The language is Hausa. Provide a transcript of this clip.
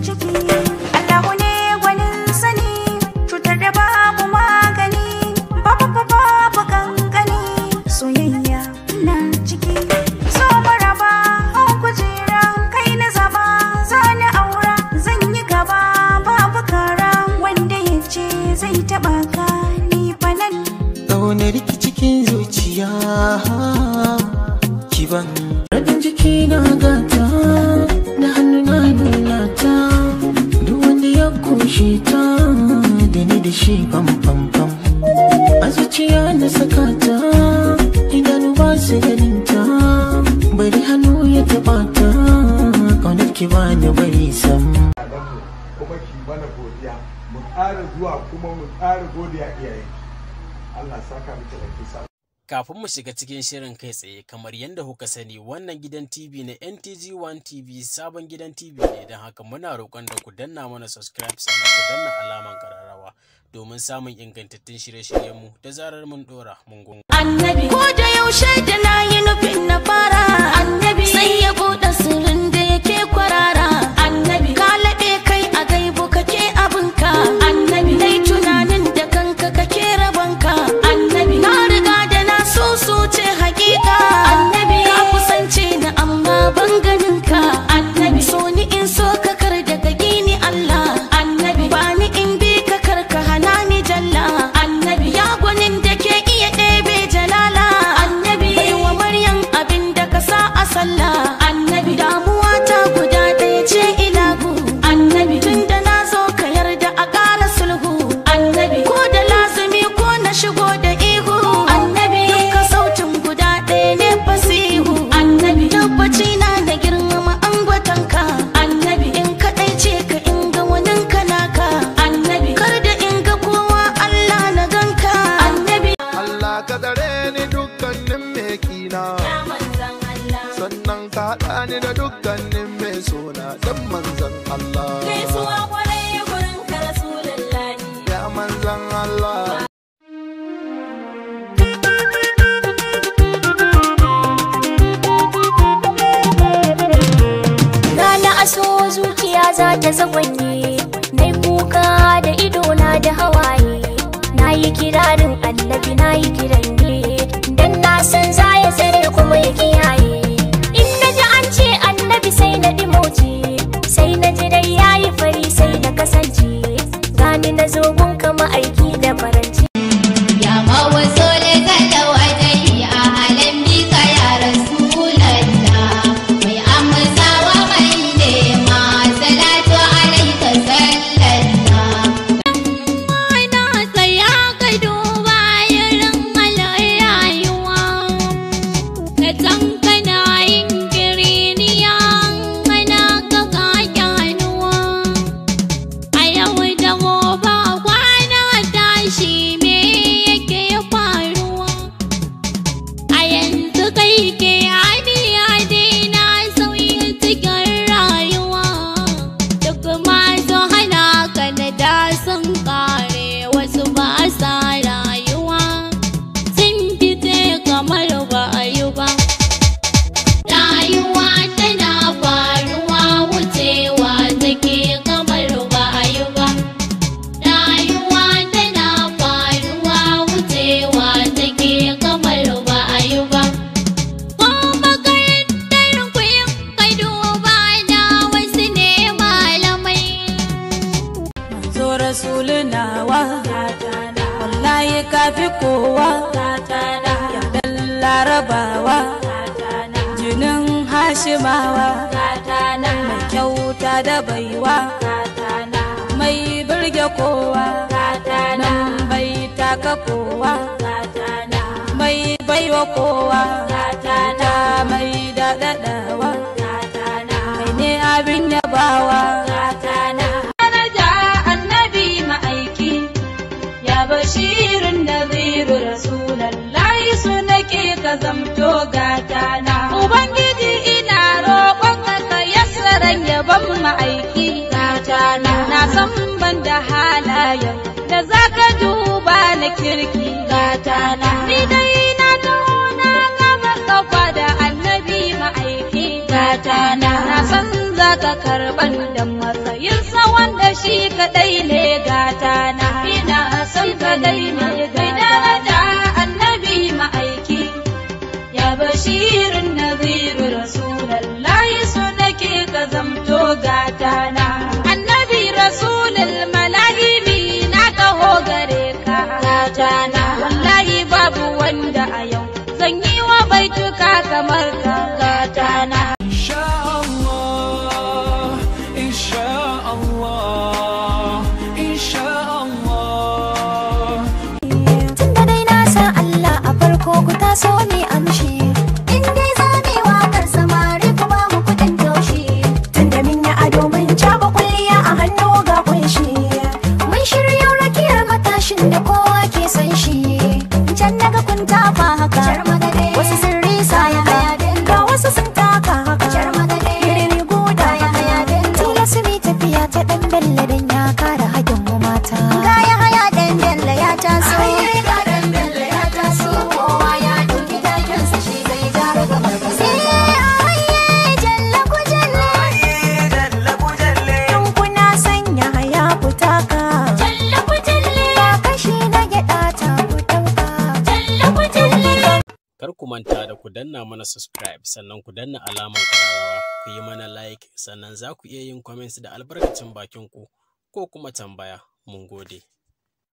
ciki Allahu ne gwanin sani cutar da babu magani babu babu kankani soyayya na ciki so maraba an kujera kai na zaba zani aura zan yi gaba babu kara wanda ya ce zai taba ka ni fanan Ƙaunar ki cikin zuciya ki ban shi pam pam pam a zuciya na saka ta idanu ba su ganin ta bari hannu ya taba ta kaunar ki ba ni bari sam kuma ki mana godiya mu ƙara zuwa kuma mu ƙara godiya iyaye Allah saka Kafin mu shiga cikin shirin kai tsaye kamar yadda kuka sani wannan gidan TV na NTG1 TV sabon gidan TV ne don haka muna roƙon da ku danna mana subscribe sannan ku danna domin samun ingantattun shirye-shiryenmu da zarar mun dora mun gungun. Annabi ko da yaushe da na yi nufin na fara annabi sai ni da dukkanin mai suna dan manzan Allah. Gaisuwa kwarai gurin ka Rasulullahi. Ya manzan Allah. Rana aso zuciya za ta zagwanye, na kuka da idona da hawaye, na yi kirarin annabi na yi kirarin. nắng vâng, cái rasulu nawa wallahi kafi kowa yardan larabawa jinin hashimawa mai kyauta da baiwa mai birge kowa nan bai taka kowa mai baiwa kowa ta mai daɗaɗawa kirki gata na ni dai na taho na gama kafa da annabi ma'aiki gata na na san za ka karban da matsayinsa wanda shi kadai ne gata na ina san kadai kamar kakata na insha tun da dai na san Allah a farko ku taso ni amshi kar ku manta da ku danna mana subscribe sannan ku danna alamar ƙararrawa ku yi mana like sannan za ku iya yin comments da albarkacin bakin ku ko kuma tambaya mun gode